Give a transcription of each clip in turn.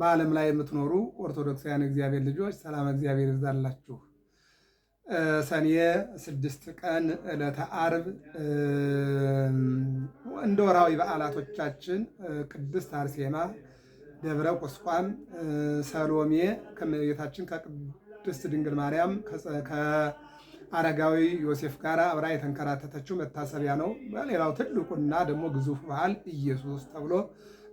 በዓለም ላይ የምትኖሩ ኦርቶዶክሳውያን እግዚአብሔር ልጆች ሰላም እግዚአብሔር ይብዛላችሁ። ሰኔ ስድስት ቀን ዕለተ ዓርብ እንደ ወርሃዊ በዓላቶቻችን ቅድስት አርሴማ፣ ደብረ ቁስቋም፣ ሰሎሜ ከእመቤታችን ከቅድስት ድንግል ማርያም ከአረጋዊ ዮሴፍ ጋር አብራ የተንከራተተችው መታሰቢያ ነው። በሌላው ትልቁና ደግሞ ግዙፍ በዓል ኢየሱስ ተብሎ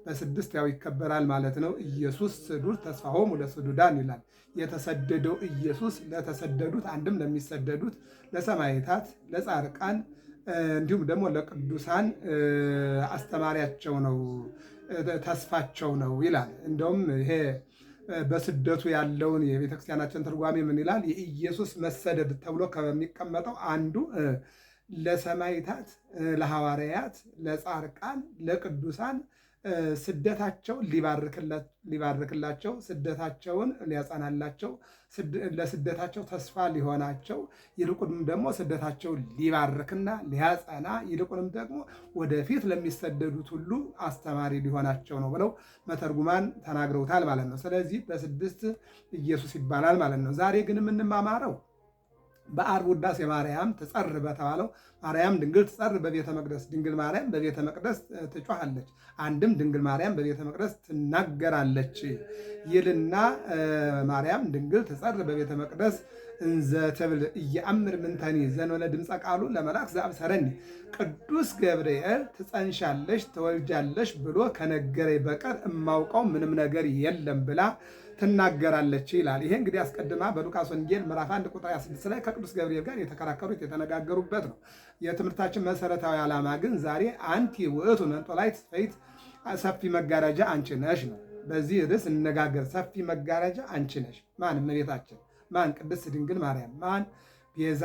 በስድስት ያው ይከበራል ማለት ነው። ኢየሱስ ስዱድ ተስፋሆሙ ለስዱዳን ይላል። የተሰደደው ኢየሱስ ለተሰደዱት፣ አንድም ለሚሰደዱት ለሰማይታት፣ ለጻርቃን እንዲሁም ደግሞ ለቅዱሳን አስተማሪያቸው ነው፣ ተስፋቸው ነው ይላል። እንደውም ይሄ በስደቱ ያለውን የቤተክርስቲያናችን ትርጓሜ ምን ይላል? የኢየሱስ መሰደድ ተብሎ ከሚቀመጠው አንዱ ለሰማይታት፣ ለሐዋርያት፣ ለጻርቃን፣ ለቅዱሳን ስደታቸው ሊባርክላቸው ስደታቸውን ሊያጸናላቸው ለስደታቸው ተስፋ ሊሆናቸው ይልቁንም ደግሞ ስደታቸው ሊባርክና ሊያጸና ይልቁንም ደግሞ ወደፊት ለሚሰደዱት ሁሉ አስተማሪ ሊሆናቸው ነው ብለው መተርጉማን ተናግረውታል ማለት ነው። ስለዚህ በስድስት ኢየሱስ ይባላል ማለት ነው። ዛሬ ግን የምንማማረው በዓርብ ውዳሴ ማርያም ትጸር በተባለው ማርያም ድንግል ትጸር በቤተ መቅደስ ድንግል ማርያም በቤተ መቅደስ ትጮሃለች፣ አንድም ድንግል ማርያም በቤተ መቅደስ ትናገራለች ይልና ማርያም ድንግል ትጸር በቤተ መቅደስ እንዘ ተብል እየአምር ምንተኒ ዘንበለ ድምፀ ቃሉ ለመልአክ ዘአብሰረኒ ቅዱስ ገብርኤል ትጸንሻለሽ ትወልጃለሽ ብሎ ከነገረኝ በቀር እማውቀው ምንም ነገር የለም ብላ ትናገራለች ይላል። ይሄ እንግዲህ አስቀድማ በሉቃስ ወንጌል ምዕራፍ 1 ቁጥር 26 ላይ ከቅዱስ ገብርኤል ጋር የተከራከሩት የተነጋገሩበት ነው። የትምህርታችን መሰረታዊ ዓላማ ግን ዛሬ አንቲ ውእቱ መንጦላዕት ፈይት ሰፊ መጋረጃ አንቺ ነሽ ነው። በዚህ ርዕስ እንነጋገር። ሰፊ መጋረጃ አንቺ ነሽ። ማን? እመቤታችን። ማን? ቅድስት ድንግል ማርያም። ማን? ቤዛ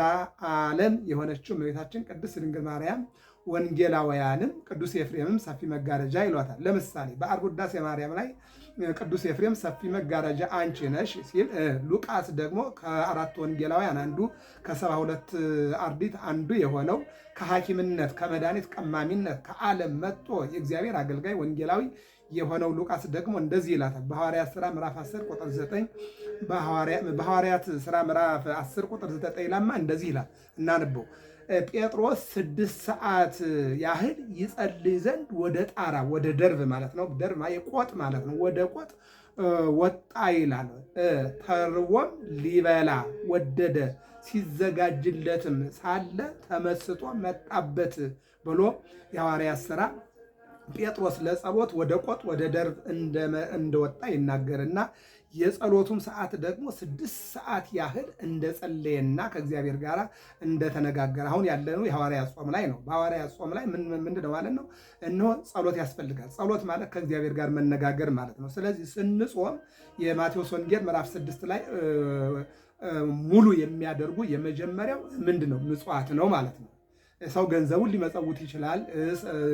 ዓለም የሆነችው እመቤታችን ቅድስት ድንግል ማርያም ወንጌላውያንም ቅዱስ ኤፍሬምም ሰፊ መጋረጃ ይሏታል። ለምሳሌ በዓርብ ውዳሴ ማርያም ላይ ቅዱስ ኤፍሬም ሰፊ መጋረጃ አንቺ ነሽ ሲል፣ ሉቃስ ደግሞ ከአራት ወንጌላውያን አንዱ ከሰባ ሁለት አርዲት አንዱ የሆነው ከሐኪምነት ከመድኃኒት ቀማሚነት ከዓለም መጥቶ የእግዚአብሔር አገልጋይ ወንጌላዊ የሆነው ሉቃስ ደግሞ እንደዚህ ይላታል። በሐዋርያት ሥራ ምዕራፍ 10 ቁጥር 9 በሐዋርያት ሥራ ምዕራፍ 10 ቁጥር 9 ላማ እንደዚህ ይላል እናንበው ጴጥሮስ ስድስት ሰዓት ያህል ይጸልይ ዘንድ ወደ ጣራ ወደ ደርብ ማለት ነው፣ ደርብ የቆጥ ማለት ነው። ወደ ቆጥ ወጣ ይላል። ተርቦም ሊበላ ወደደ፣ ሲዘጋጅለትም ሳለ ተመስጦ መጣበት ብሎ የሐዋርያት ሥራ ጴጥሮስ ለጸሎት ወደ ቆጥ ወደ ደርብ እንደወጣ ይናገርና የጸሎቱም ሰዓት ደግሞ ስድስት ሰዓት ያህል እንደጸለየና ከእግዚአብሔር ጋር እንደተነጋገረ አሁን ያለነው የሐዋርያ ጾም ላይ ነው። በሐዋርያ ጾም ላይ ምንድን ነው ማለት ነው? እነሆ ጸሎት ያስፈልጋል። ጸሎት ማለት ከእግዚአብሔር ጋር መነጋገር ማለት ነው። ስለዚህ ስንጾም የማቴዎስ ወንጌል ምዕራፍ ስድስት ላይ ሙሉ የሚያደርጉ የመጀመሪያው ምንድን ነው? ምጽዋት ነው ማለት ነው። ሰው ገንዘቡን ሊመጸውት ይችላል፣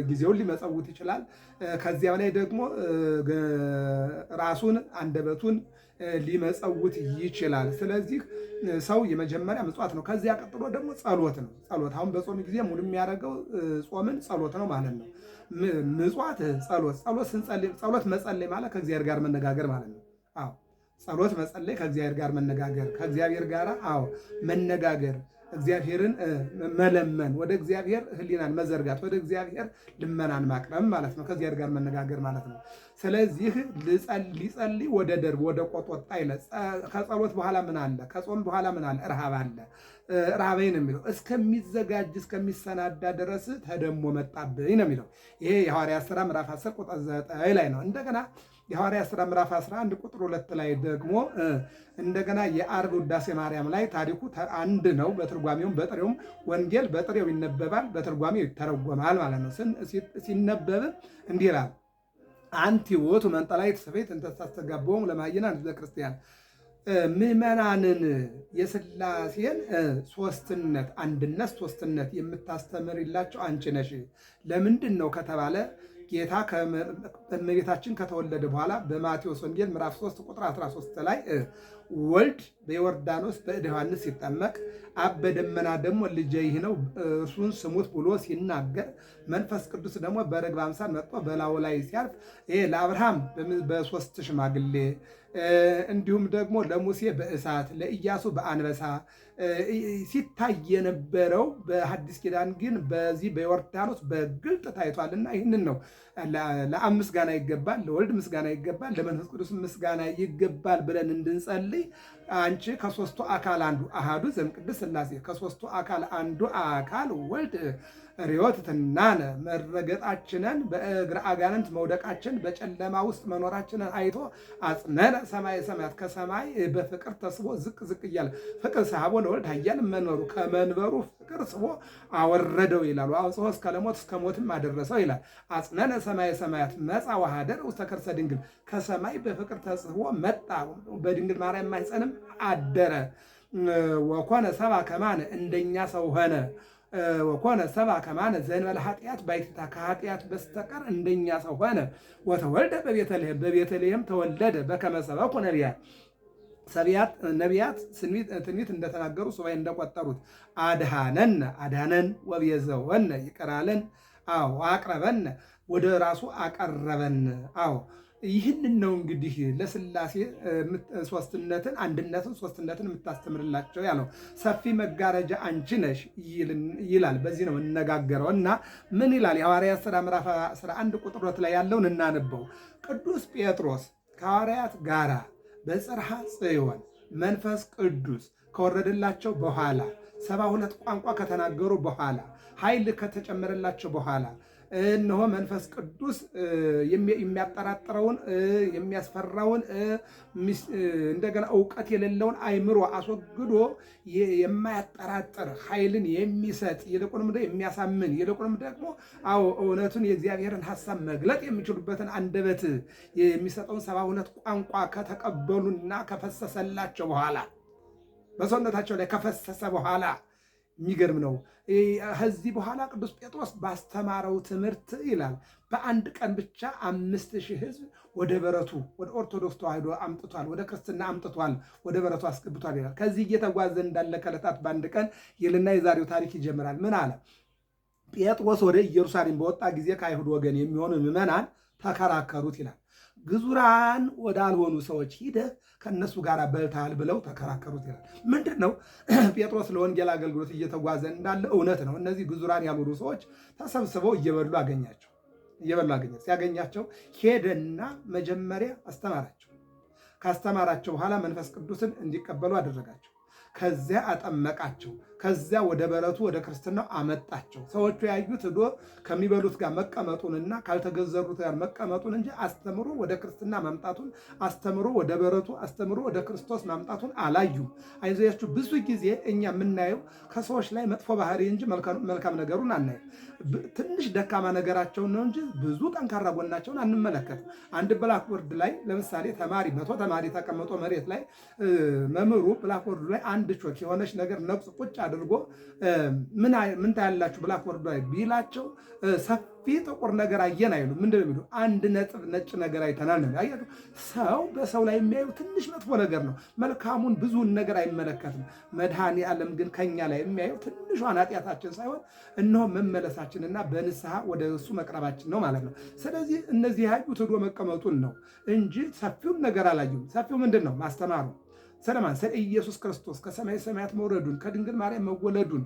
ጊዜውን ሊመጸውት ይችላል። ከዚያ ላይ ደግሞ ራሱን አንደበቱን ሊመጸውት ይችላል። ስለዚህ ሰው የመጀመሪያ ምጽዋት ነው። ከዚያ ቀጥሎ ደግሞ ጸሎት ነው። ጸሎት አሁን በጾም ጊዜ ሙሉ የሚያደርገው ጾምን ጸሎት ነው ማለት ነው። ምጽዋት ጸሎት፣ ጸሎት ስንጸልይ ጸሎት መጸለይ ማለት ከእግዚአብሔር ጋር መነጋገር ማለት ነው። አዎ ጸሎት መጸለይ ከእግዚአብሔር ጋር መነጋገር፣ ከእግዚአብሔር ጋር አዎ መነጋገር እግዚአብሔርን መለመን ወደ እግዚአብሔር ህሊናን መዘርጋት ወደ እግዚአብሔር ልመናን ማቅረብ ማለት ነው። ከእግዚአብሔር ጋር መነጋገር ማለት ነው። ስለዚህ ሊጸልይ ወደ ደርብ ወደ ቆጦጣ ይለ ከጸሎት በኋላ ምን አለ? ከጾም በኋላ ምን አለ? እርሃብ አለ። ራበኝ ነው የሚለው። እስከሚዘጋጅ እስከሚሰናዳ ድረስ ተደሞ መጣብኝ ነው የሚለው። ይሄ የሐዋርያት ሥራ ምዕራፍ 10 ቁጥር 9 ላይ ነው። እንደገና የሐዋርያት ሥራ ምዕራፍ 11 ቁጥር 2 ላይ ደግሞ እንደገና የዓርብ ውዳሴ ማርያም ላይ ታሪኩ አንድ ነው። በትርጓሜውም በጥሬውም ወንጌል በጥሬው ይነበባል፣ በትርጓሜው ይተረጎማል ማለት ነው። ሲነበብ እንዲህ ይላል አንቲ ውእቱ መንጠላዕት ሰብእት እንተ ታስተጋብኦም ለማኅበነ ክርስቲያን ምዕመናንን የስላሴን ሶስትነት አንድነት ሶስትነት የምታስተምርላቸው አንቺ ነሽ። ለምንድን ነው ከተባለ ጌታ እመቤታችን ከተወለደ በኋላ በማቴዎስ ወንጌል ምዕራፍ 3 ቁጥር 13 ላይ ወልድ በዮርዳኖስ በእደ ዮሐንስ ሲጠመቅ አብ በደመና ደግሞ ልጄ ይህ ነው እርሱን ስሙት ብሎ ሲናገር መንፈስ ቅዱስ ደግሞ በርግብ አምሳል መጥቶ በላዩ ላይ ሲያርፍ ይሄ ለአብርሃም በሶስት ሽማግሌ እንዲሁም ደግሞ ለሙሴ በእሳት ለኢያሱ በአንበሳ ሲታይ የነበረው በሐዲስ ኪዳን ግን በዚህ በዮርዳኖስ በግልጥ እና ይህንን ነው ለአብ ምስጋና ይገባል፣ ለወልድ ምስጋና ይገባል፣ ለመንፈስ ቅዱስ ምስጋና ይገባል ብለን እንድንጸልይ አንቺ ከሶስቱ አካል አንዱ አሃዱ ዘእምቅድስት ስላሴ ከሶስቱ አካል አንዱ አካል ወልድ ሪዮት ትናነ መረገጣችንን በእግር አጋንንት መውደቃችን በጨለማ ውስጥ መኖራችንን አይቶ አጽነነ ሰማይ ሰማያት ከሰማይ በፍቅር ተስቦ ዝቅ ዝቅ እያለ ፍቅር ሰሃቦ ለወልድ ኃያል መኖሩ ከመንበሩ ፍቅር ስቦ አወረደው ይላሉ። አውጽሖ እስከ ለሞት እስከ ሞትም አደረሰው ይላል። አጽነነ ሰማይ ሰማያት መፃ ወሃደር ውስተ ከርሰ ድንግል ከሰማይ በፍቅር ተስቦ መጣ በድንግል ማርያም ማኅፀንም አደረ። ወኮነ ሰባ ከማነ እንደኛ ሰው ሆነ። ወኮነ ሰባ ከማነ ዘእንበለ ኃጢአት ባይትታ ከኃጢአት በስተቀር እንደኛ ሰው ሆነ። ወተወልደ በቤተልሔም በቤተልሔም ተወለደ። በከመ ሰበኩ ነቢያት ሰቢያት ነቢያት ትንቢት እንደተናገሩ ሱባኤ እንደቆጠሩት አድሃነን አድሃነን ወቤዘወነ ይቀራለን። አዎ አቅረበን ወደ ራሱ አቀረበን። አዎ ይህንን ነው እንግዲህ ለስላሴ ሶስትነትን አንድነትን ሶስትነትን የምታስተምርላቸው ያለው ሰፊ መጋረጃ አንቺ ነሽ ይላል። በዚህ ነው እንነጋገረው እና ምን ይላል? የሐዋርያት ሥራ ምዕራፍ 11 ቁጥር ሁለት ላይ ያለውን እናንበው። ቅዱስ ጴጥሮስ ከሐዋርያት ጋራ በጽርሐ ጽዮን መንፈስ ቅዱስ ከወረደላቸው በኋላ ሰባ ሁለት ቋንቋ ከተናገሩ በኋላ ኃይል ከተጨመረላቸው በኋላ እነሆ መንፈስ ቅዱስ የሚያጠራጥረውን የሚያስፈራውን እንደገና እውቀት የሌለውን አይምሮ አስወግዶ የማያጠራጥር ኃይልን የሚሰጥ ይልቁንም የሚያሳምን ይልቁንም ደግሞ አዎ እውነቱን የእግዚአብሔርን ሀሳብ መግለጥ የሚችሉበትን አንደበት የሚሰጠውን ሰባ ሁለት ቋንቋ ከተቀበሉና ከፈሰሰላቸው በኋላ በሰውነታቸው ላይ ከፈሰሰ በኋላ የሚገርም ነው። ከዚህ በኋላ ቅዱስ ጴጥሮስ ባስተማረው ትምህርት ይላል በአንድ ቀን ብቻ አምስት ሺህ ህዝብ ወደ በረቱ ወደ ኦርቶዶክስ ተዋህዶ አምጥቷል፣ ወደ ክርስትና አምጥቷል፣ ወደ በረቱ አስገብቷል ይላል። ከዚህ እየተጓዘ እንዳለ ከዕለታት በአንድ ቀን ይልና የዛሬው ታሪክ ይጀምራል። ምን አለ? ጴጥሮስ ወደ ኢየሩሳሌም በወጣ ጊዜ ከአይሁድ ወገን የሚሆኑ ምዕመናን ተከራከሩት ይላል። ግዙራን ወዳልሆኑ ሰዎች ሂደህ ከእነሱ ጋር በልተሃል ብለው ተከራከሩት ይላል። ምንድን ነው ጴጥሮስ ለወንጌል አገልግሎት እየተጓዘ እንዳለ እውነት ነው። እነዚህ ግዙራን ያልሆኑ ሰዎች ተሰብስበው እየበሉ አገኛቸው። እየበሉ አገኛ ሲያገኛቸው ሄደና መጀመሪያ አስተማራቸው። ካስተማራቸው በኋላ መንፈስ ቅዱስን እንዲቀበሉ አደረጋቸው። ከዚያ አጠመቃቸው። ከዚያ ወደ በረቱ ወደ ክርስትናው አመጣቸው። ሰዎቹ ያዩት ዶ ከሚበሉት ጋር መቀመጡንና ካልተገዘሩት ጋር መቀመጡን እንጂ አስተምሮ ወደ ክርስትና ማምጣቱን አስተምሮ ወደ በረቱ አስተምሮ ወደ ክርስቶስ ማምጣቱን አላዩም። አይዞያችሁ ብዙ ጊዜ እኛ የምናየው ከሰዎች ላይ መጥፎ ባህሪ እንጂ መልካም ነገሩን አናየው። ትንሽ ደካማ ነገራቸውን ነው እንጂ ብዙ ጠንካራ ጎናቸውን አንመለከትም። አንድ ብላክቦርድ ላይ ለምሳሌ ተማሪ መቶ ተማሪ ተቀምጦ መሬት ላይ መምህሩ ብላክቦርዱ ላይ አንድ ቾክ የሆነች ነገር ነቁጽ ቁጭ አድርጎ ምን ታያላችሁ ብላክቦርድ ላይ ቢላቸው ሰፊ ጥቁር ነገር አየን አይሉ ምንድን ነው የሚሉ አንድ ነጥብ ነጭ ነገር አይተናል ነው አያችሁ ሰው በሰው ላይ የሚያዩ ትንሽ መጥፎ ነገር ነው መልካሙን ብዙውን ነገር አይመለከትም መድኃኔ ዓለም ግን ከኛ ላይ የሚያየው ትንሿን ኃጢአታችን ሳይሆን እነሆ መመለሳችንና በንስሐ ወደ እሱ መቅረባችን ነው ማለት ነው ስለዚህ እነዚህ ያዩት ሄዶ መቀመጡን ነው እንጂ ሰፊውን ነገር አላየሁም ሰፊው ምንድን ነው ማስተማሩ ስለማን ስለ ኢየሱስ ክርስቶስ ከሰማይ ሰማያት መውረዱን ከድንግል ማርያም መወለዱን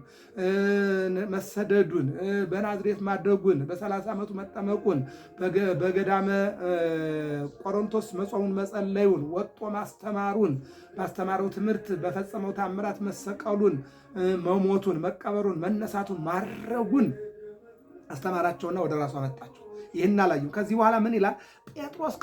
መሰደዱን በናዝሬት ማደጉን በሰላሳ ዓመቱ መጠመቁን በገዳመ ቆሮንቶስ መጾሙን መጸለዩን ወጦ ማስተማሩን ባስተማረው ትምህርት በፈጸመው ታምራት መሰቀሉን መሞቱን መቀበሩን መነሳቱን ማረጉን አስተማራቸውና ወደ ራሱ አመጣቸው። ይህን አላየም። ከዚህ በኋላ ምን ይላል? ጴጥሮስ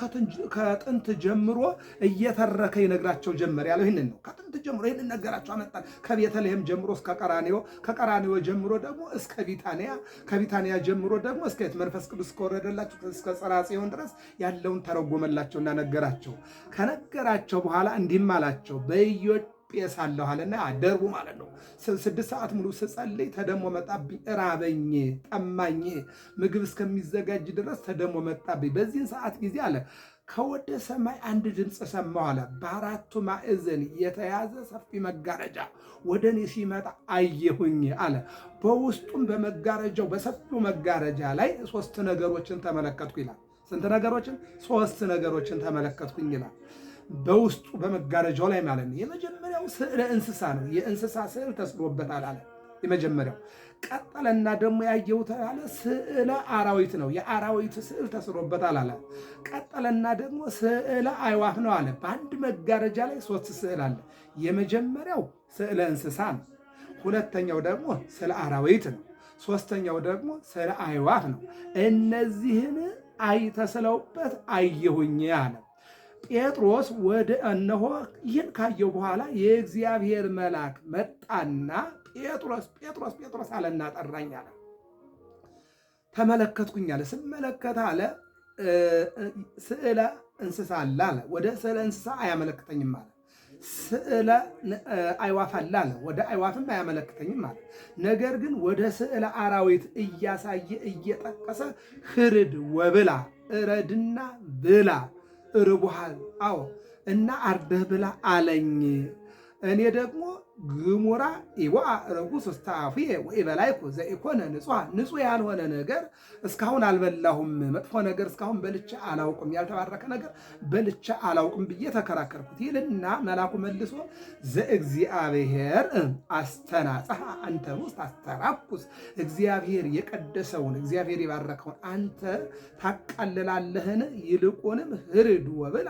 ከጥንት ጀምሮ እየተረከ ይነግራቸው ጀመር ያለው ይህንን ነው። ከጥንት ጀምሮ ይህንን ነገራቸው አመጣ። ከቤተልሔም ጀምሮ እስከ ቀራኔዮ፣ ከቀራኔዮ ጀምሮ ደግሞ እስከ ቢታንያ፣ ከቢታንያ ጀምሮ ደግሞ እስከ የት መንፈስ ቅዱስ ከወረደላቸው እስከ ጽርሐ ድረስ ያለውን ተረጎመላቸውና ነገራቸው። ከነገራቸው በኋላ እንዲህም አላቸው በኢዮጴ ጴሳለሁ አለና አደሩ ማለት ነው። ስድስት ሰዓት ሙሉ ስጸልይ ተደሞ መጣብኝ፣ እራበኝ፣ ጠማኝ። ምግብ እስከሚዘጋጅ ድረስ ተደሞ መጣብኝ። በዚህን ሰዓት ጊዜ አለ ከወደ ሰማይ አንድ ድምፅ ሰማሁ አለ። በአራቱ ማዕዘን የተያዘ ሰፊ መጋረጃ ወደ እኔ ሲመጣ አየሁኝ አለ። በውስጡም በመጋረጃው በሰፊው መጋረጃ ላይ ሶስት ነገሮችን ተመለከትኩ ይላል። ስንት ነገሮችን? ሶስት ነገሮችን ተመለከትኩኝ ይላል። በውስጡ በመጋረጃው ላይ ማለት ነው። የመጀመሪያው ስዕለ እንስሳ ነው። የእንስሳ ስዕል ተስሎበታል አለ። የመጀመሪያው ቀጠለና ደግሞ ያየሁት አለ ስዕለ አራዊት ነው። የአራዊት ስዕል ተስሎበታል አለ። ቀጠለና ደግሞ ስዕለ አይዋፍ ነው አለ። በአንድ መጋረጃ ላይ ሶስት ስዕል አለ። የመጀመሪያው ስዕለ እንስሳ ነው። ሁለተኛው ደግሞ ስለ አራዊት ነው። ሶስተኛው ደግሞ ስለ አይዋፍ ነው። እነዚህን አይተስለውበት አየሁኝ አለ። ጴጥሮስ ወደ እነሆ ይህን ካየው በኋላ የእግዚአብሔር መልአክ መጣና ጴጥሮስ ጴጥሮስ ጴጥሮስ አለና ጠራኝ አለ። ተመለከትኩኝ አለ። ስመለከት አለ ስዕለ እንስሳ አለ አለ። ወደ ስዕለ እንስሳ አያመለክተኝም አለ። ስዕለ አይዋፍ አለ አለ። ወደ አይዋፍም አያመለክተኝም አለ። ነገር ግን ወደ ስዕለ አራዊት እያሳየ እየጠቀሰ ህርድ ወብላ እረድና ብላ ርቦሃል። አዎ እና አርደህ ብላ አለኝ እኔ ደግሞ ግሙራ ኢዋ ረጉ ውስተ ወይ በላይኩ ዘኢኮነ ንጹሐ ንጹሕ ያልሆነ ነገር እስካሁን አልበላሁም፣ መጥፎ ነገር እስካሁን በልቻ አላውቅም፣ ያልተባረከ ነገር በልቻ አላውቅም ብዬ ተከራከርኩት ይልና መላኩ መልሶ ዘእግዚአብሔር አስተናጽሐ አንተ ውስጥ አስተራኩስ እግዚአብሔር የቀደሰውን እግዚአብሔር የባረከውን አንተ ታቃልላለህን? ይልቁንም ህርድ ወብላ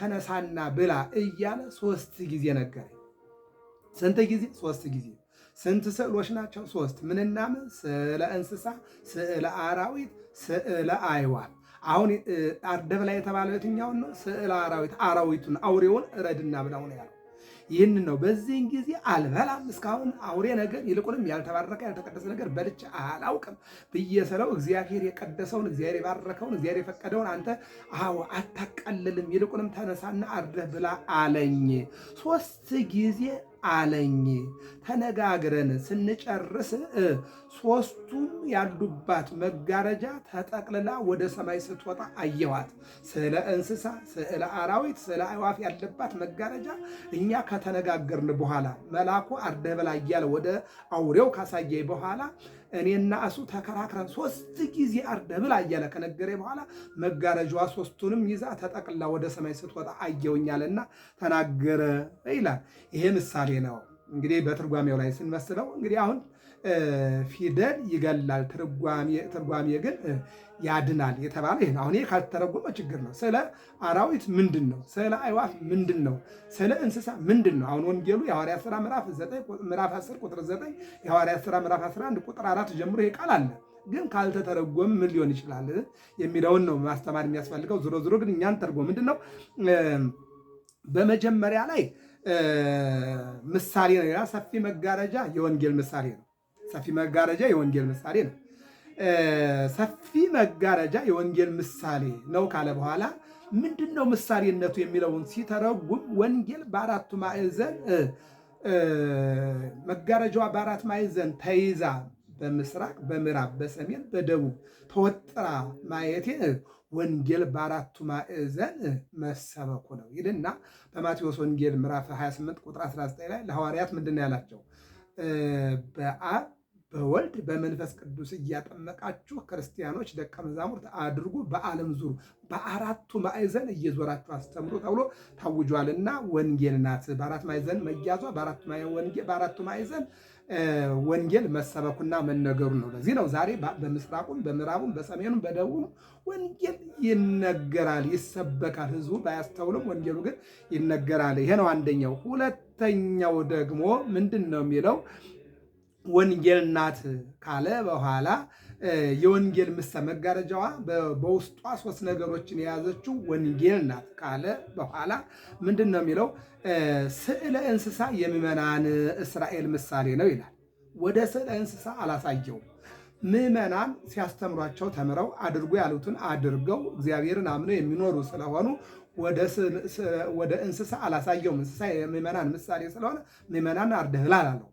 ተነሳና ብላ እያለ ሶስት ጊዜ ነገረኝ። ስንት ጊዜ? ሶስት ጊዜ። ስንት ስዕሎች ናቸው? ሶስት። ምንና ምን? ስዕለ እንስሳ፣ ስዕለ አራዊት፣ ስዕለ አይዋል። አሁን ላይ የተባለው የትኛውን ነው? ስዕለ አራዊት። አራዊቱን አውሬውን እረድና ብላው ነው ያለው። ይህን ነው። በዚህን ጊዜ አልበላም፣ እስካሁን አውሬ ነገር ይልቁንም ያልተባረከ ያልተቀደሰ ነገር በልቼ አላውቅም ብዬ ስለው እግዚአብሔር የቀደሰውን እግዚአብሔር የባረከውን እግዚአብሔር የፈቀደውን አንተ አዎ አታቀልልም፣ ይልቁንም ተነሳና አርደህ ብላ አለኝ ሶስት ጊዜ አለኝ። ተነጋግረን ስንጨርስ ሦስቱም ያሉባት መጋረጃ ተጠቅልላ ወደ ሰማይ ስትወጣ አየዋት። ስለ እንስሳ፣ ስለ አራዊት፣ ስለ አዕዋፍ ያለባት መጋረጃ እኛ ከተነጋገርን በኋላ መልአኩ አርደህ እያለ ወደ አውሬው ካሳየ በኋላ እኔና እሱ ተከራክረን ሶስት ጊዜ አርደ ብላ እያለ ከነገረ በኋላ መጋረጃዋ ሶስቱንም ይዛ ተጠቅላ ወደ ሰማይ ስትወጣ አየውኛልና ተናገረ ይላል። ይሄ ምሳሌ ነው። እንግዲህ በትርጓሜው ላይ ስንመስለው እንግዲህ አሁን ፊደል ይገላል፣ ትርጓሜ ግን ያድናል የተባለ ይህ ነው። አሁን ይህ ካልተተረጎመ ችግር ነው። ስለ አራዊት ምንድን ነው? ስለ አይዋፍ ምንድን ነው? ስለ እንስሳ ምንድን ነው? አሁን ወንጌሉ የሐዋርያት ሥራ ምዕራፍ 10 ቁጥር 9 የሐዋርያት ሥራ ምዕራፍ 11 ቁጥር 4 ጀምሮ ይሄ ቃል አለ ግን ካልተተረጎም ምን ሊሆን ይችላል የሚለውን ነው ማስተማር የሚያስፈልገው። ዞሮ ዞሮ ግን እኛን ተርጎ ምንድን ነው በመጀመሪያ ላይ ምሳሌ ነው። ሰፊ መጋረጃ የወንጌል ምሳሌ ነው። ሰፊ መጋረጃ የወንጌል ምሳሌ ነው። ሰፊ መጋረጃ የወንጌል ምሳሌ ነው ካለ በኋላ ምንድን ነው ምሳሌነቱ የሚለውን ሲተረጉም ወንጌል በአራቱ ማዕዘን መጋረጃዋ በአራት ማዕዘን ተይዛ በምስራቅ፣ በምዕራብ፣ በሰሜን፣ በደቡብ ተወጥራ ማየቴ ወንጌል በአራቱ ማዕዘን መሰበኩ ነው ይልና በማቴዎስ ወንጌል ምዕራፍ 28 ቁጥር 19 ላይ ለሐዋርያት ምንድን ነው ያላቸው? በአብ በወልድ በመንፈስ ቅዱስ እያጠመቃችሁ ክርስቲያኖች ደቀ መዛሙርት አድርጉ፣ በዓለም ዙሩ፣ በአራቱ ማዕዘን እየዞራችሁ አስተምሩ ተብሎ ታውጇልና ወንጌል ናት። በአራት ማዕዘን መያዟ በአራቱ ማዕዘን ወንጌል መሰበኩና መነገሩ ነው። ለዚህ ነው ዛሬ በምስራቁም በምዕራቡም በሰሜኑም በደቡቡም ወንጌል ይነገራል፣ ይሰበካል። ህዝቡ ባያስተውልም ወንጌሉ ግን ይነገራል። ይሄ ነው አንደኛው። ሁለተኛው ደግሞ ምንድን ነው የሚለው ወንጌል ናት ካለ በኋላ የወንጌል ምሳ መጋረጃዋ በውስጧ ሶስት ነገሮችን የያዘችው ወንጌል ናት ካለ በኋላ ምንድን ነው የሚለው? ስዕለ እንስሳ የምዕመናን እስራኤል ምሳሌ ነው ይላል። ወደ ስዕለ እንስሳ አላሳየውም። ምዕመናን ሲያስተምሯቸው ተምረው አድርጎ ያሉትን አድርገው እግዚአብሔርን አምነው የሚኖሩ ስለሆኑ ወደ እንስሳ አላሳየውም። እንስሳ የምዕመናን ምሳሌ ስለሆነ ምዕመናን አርደህላል አለው።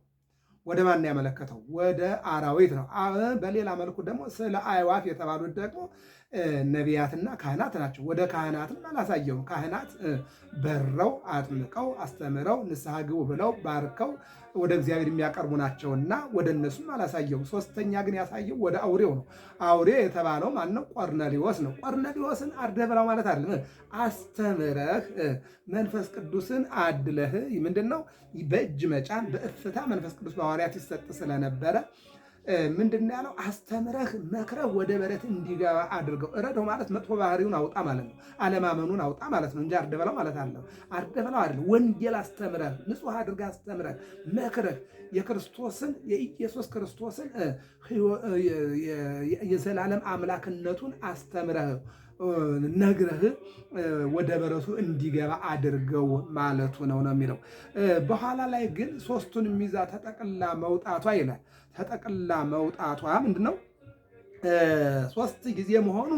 ወደ ማን ያመለከተው? ወደ አራዊት ነው። በሌላ መልኩ ደግሞ ስለ አዕዋፍ የተባሉት ደግሞ ነቢያትና ካህናት ናቸው። ወደ ካህናትም አላሳየውም። ካህናት በረው አጥምቀው አስተምረው ንስሐ ግቡ ብለው ባርከው ወደ እግዚአብሔር የሚያቀርቡ ናቸውና ወደ እነሱም አላሳየውም። ሶስተኛ ግን ያሳየው ወደ አውሬው ነው። አውሬ የተባለው ማነው ቆርኔሊዎስ ነው። ቆርኔሊዎስን አርደህ ማለት አይደለም። አስተምረህ መንፈስ ቅዱስን አድለህ ምንድን ነው በእጅ መጫን በእፍታ መንፈስ ቅዱስ በሐዋርያት ይሰጥ ስለነበረ ምንድን ያለው አስተምረህ መክረህ ወደ በረት እንዲገባ አድርገው። እረደው ማለት መጥፎ ባህሪውን አውጣ ማለት ነው። አለማመኑን አውጣ ማለት ነው እንጂ አርደበላው ማለት አለ አርደበላው አይደለም። ወንጌል አስተምረህ ንጹህ አድርገህ አስተምረህ መክረህ የክርስቶስን የኢየሱስ ክርስቶስን የዘላለም አምላክነቱን አስተምረህ ነግረህ ወደ በረቱ እንዲገባ አድርገው ማለቱ ነው ነው የሚለው። በኋላ ላይ ግን ሶስቱን ሚዛ ተጠቅላ መውጣቷ ይላል ተጠቅላ መውጣቷ ምንድን ነው? ሶስት ጊዜ መሆኑ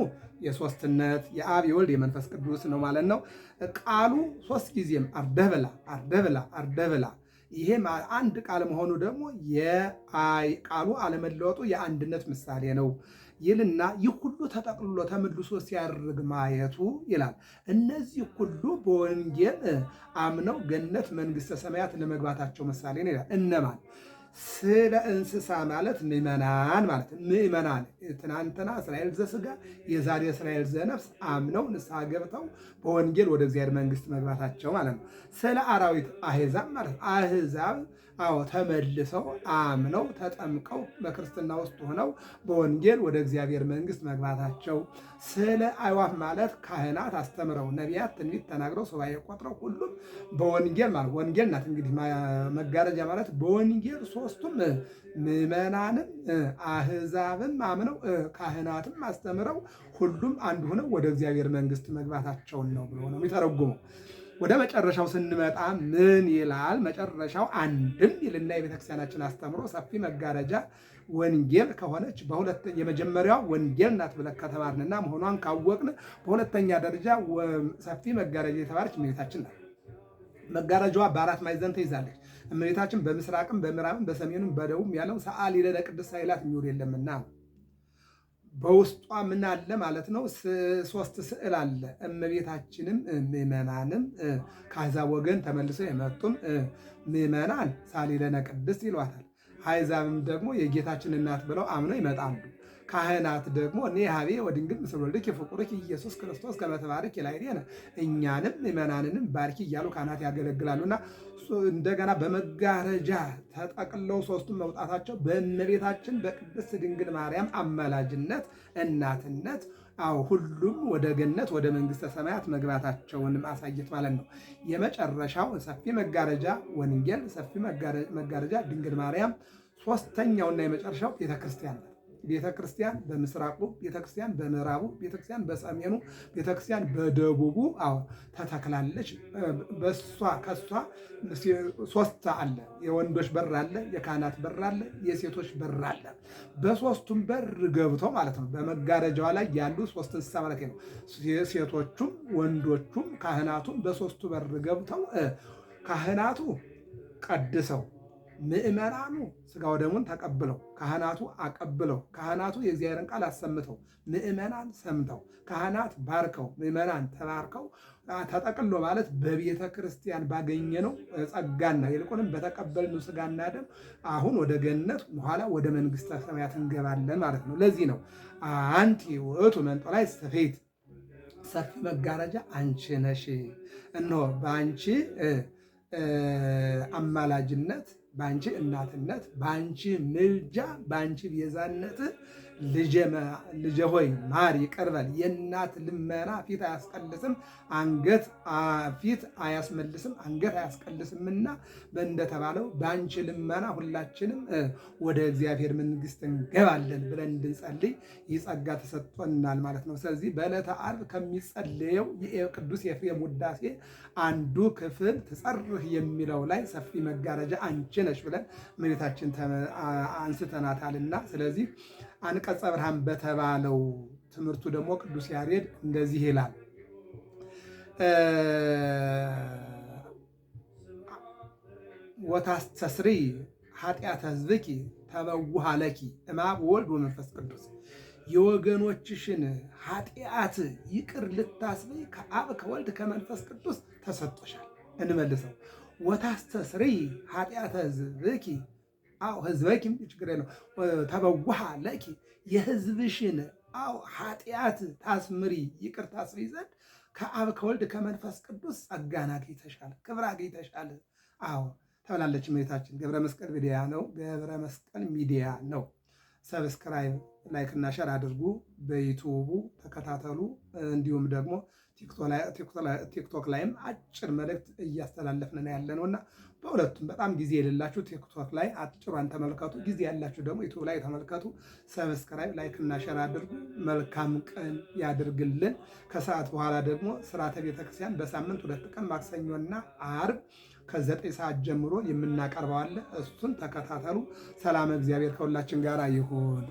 የሶስትነት የአብ የወልድ የመንፈስ ቅዱስ ነው ማለት ነው። ቃሉ ሶስት ጊዜም አርደበላ አርደበላ አርደበላ ይሄ አንድ ቃል መሆኑ ደግሞ ቃሉ አለመለወጡ የአንድነት ምሳሌ ነው ይልና ይህ ሁሉ ተጠቅልሎ ተመልሶ ሲያርግ ማየቱ ይላል። እነዚህ ሁሉ በወንጌል አምነው ገነት መንግስተ ሰማያት ለመግባታቸው ምሳሌ ነው ይላል። እነማን ስለ እንስሳ ማለት ምእመናን ማለት ምእመናን ትናንትና እስራኤል ዘሥጋ የዛሬ እስራኤል ዘነፍስ አምነው ንስሐ ገብተው በወንጌል ወደ እግዚአብሔር መንግሥት መግባታቸው ማለት ነው። ስለ አራዊት አሕዛብ ማለት አዎ ተመልሰው አምነው ተጠምቀው በክርስትና ውስጥ ሆነው በወንጌል ወደ እግዚአብሔር መንግስት መግባታቸው ስለ አዕዋፍ ማለት ካህናት አስተምረው ነቢያት ትንቢት ተናግረው ሱባኤ ቆጥረው ሁሉም በወንጌል ማለት ወንጌል ናት እንግዲህ መጋረጃ ማለት በወንጌል ሶስቱም ምዕመናንም አህዛብም አምነው ካህናትም አስተምረው ሁሉም አንድ ሆነው ወደ እግዚአብሔር መንግስት መግባታቸውን ነው ብሎ ነው የሚተረጉመው። ወደ መጨረሻው ስንመጣ ምን ይላል? መጨረሻው አንድም ይልና የቤተክርስቲያናችን አስተምሮ ሰፊ መጋረጃ ወንጌል ከሆነች የመጀመሪያዋ ወንጌል ናት ብለን ከተማርንና መሆኗን ካወቅን በሁለተኛ ደረጃ ሰፊ መጋረጃ የተባለች እመቤታችን ናት። መጋረጃዋ በአራት ማዕዘን ተይዛለች። እመቤታችን በምስራቅም በምዕራብም በሰሜኑም በደቡብም ያለው ሰአሊ ለነ ቅድስት ኃይላት የሚውል የለምና ነው። በውስጧ ምን አለ ማለት ነው? ሶስት ስዕል አለ። እመቤታችንም ምዕመናንም ከአሕዛብ ወገን ተመልሰው የመጡም ምዕመናን ሳሊለነ ቅድስት ይሏታል። አሕዛብም ደግሞ የጌታችን እናት ብለው አምነው ይመጣሉ። ካህናት ደግሞ እኔ ሀቤ ወድንግል ምስለ ወልድኪ ፍቁርኪ ኢየሱስ ክርስቶስ ከመተባርክ ትባርኪ ላዕሌነ እኛንም ምእመናንንም ባርኪ እያሉ ካህናት ያገለግላሉና እንደገና በመጋረጃ ተጠቅለው ሶስቱን መውጣታቸው በእመቤታችን በቅድስት ድንግል ማርያም አመላጅነት እናትነት አዎ ሁሉም ወደ ገነት ወደ መንግስተ ሰማያት መግባታቸውን ማሳየት ማለት ነው። የመጨረሻው ሰፊ መጋረጃ ወንጌል፣ ሰፊ መጋረጃ ድንግል ማርያም፣ ሶስተኛውና የመጨረሻው ቤተክርስቲያን ቤተክርስቲያን በምስራቁ፣ ቤተክርስቲያን በምዕራቡ፣ ቤተክርስቲያን በሰሜኑ፣ ቤተክርስቲያን በደቡቡ አዎ ተተክላለች። በሷ ከሷ ሶስት አለ። የወንዶች በር አለ፣ የካህናት በር አለ፣ የሴቶች በር አለ። በሶስቱም በር ገብተው ማለት ነው በመጋረጃዋ ላይ ያሉ ሶስት እንስሳ ማለት ነው። ሴቶቹም ወንዶቹም ካህናቱም በሶስቱ በር ገብተው ካህናቱ ቀድሰው ምእመናኑ ስጋው ደሙን ተቀብለው ካህናቱ አቀብለው ካህናቱ የእግዚአብሔርን ቃል አሰምተው ምእመናን ሰምተው ካህናት ባርከው ምእመናን ተባርከው ተጠቅሎ ማለት በቤተ ክርስቲያን ባገኘነው ጸጋና ይልቁንም በተቀበልነው ስጋና ደም አሁን ወደ ገነት በኋላ ወደ መንግስተ ሰማያት እንገባለን ማለት ነው። ለዚህ ነው አንቲ ውእቱ ላይ ስፌት ሰፊ መጋረጃ አንቺ ነሽ። እነሆ በአንቺ አማላጅነት በአንቺ እናትነት፣ በአንቺ ምልጃ፣ በአንቺ ቤዛነት ልጄ ሆይ ማር ይቀርበል። የእናት ልመና ፊት አያስቀልስም አንገት ፊት አያስመልስም አንገት አያስቀልስምና እንደተባለው በአንቺ ልመና ሁላችንም ወደ እግዚአብሔር መንግስት እንገባለን ብለን እንድንጸልይ ይጸጋ ተሰጥቶናል ማለት ነው። ስለዚህ በዕለተ ዓርብ ከሚጸልየው ቅዱስ ኤፍሬም ውዳሴ አንዱ ክፍል ትጸርህ የሚለው ላይ ሰፊ መጋረጃ አንቺ ነች ብለን እመቤታችን አንስተናታልና ስለዚህ አንቀጸ ብርሃን በተባለው ትምህርቱ ደግሞ ቅዱስ ያሬድ እንደዚህ ይላል። ወታስተስሪ ኃጢአተ ህዝብኪ ተበውሃ ለኪ እማብ ወልድ ወመንፈስ ቅዱስ የወገኖችሽን ኃጢአት ይቅር ልታስበይ ከአብ ከወልድ ከመንፈስ ቅዱስ ተሰጥቶሻል። እንመልሰው ወታስተስሪ ኃጢአተ ሕዝብኪ አዎ ህዝበኪም ችግር ነው ተበዋሃ ለኪ የህዝብሽን አዎ ኃጢአት ታስምሪ ይቅር ታስሪ ዘንድ ከአብ ከወልድ ከመንፈስ ቅዱስ ጸጋን አግኝተሻል፣ ክብር አግኝተሻል። አዎ ተብላለች እመቤታችን። ገብረ መስቀል ሚዲያ ነው። ገብረ መስቀል ሚዲያ ነው። ሰብስክራይብ፣ ላይክ እና ሸር አድርጉ። በዩቱቡ ተከታተሉ። እንዲሁም ደግሞ ቲክቶክ ላይም አጭር መልእክት እያስተላለፍን ያለ ነውና በሁለቱም በጣም ጊዜ የሌላችሁ ቲክቶክ ላይ አጭሯን ተመልከቱ። ጊዜ ያላችሁ ደግሞ ዩቱብ ላይ ተመልከቱ። ሰብስክራይብ፣ ላይክ እና ሸር አድርጉ። መልካም ቀን ያድርግልን። ከሰዓት በኋላ ደግሞ ስርዓተ ቤተክርስቲያን በሳምንት ሁለት ቀን ማክሰኞና አርብ ከዘጠኝ ሰዓት ጀምሮ የምናቀርበዋለን። እሱን ተከታተሉ። ሰላም እግዚአብሔር ከሁላችን ጋር ይሁን።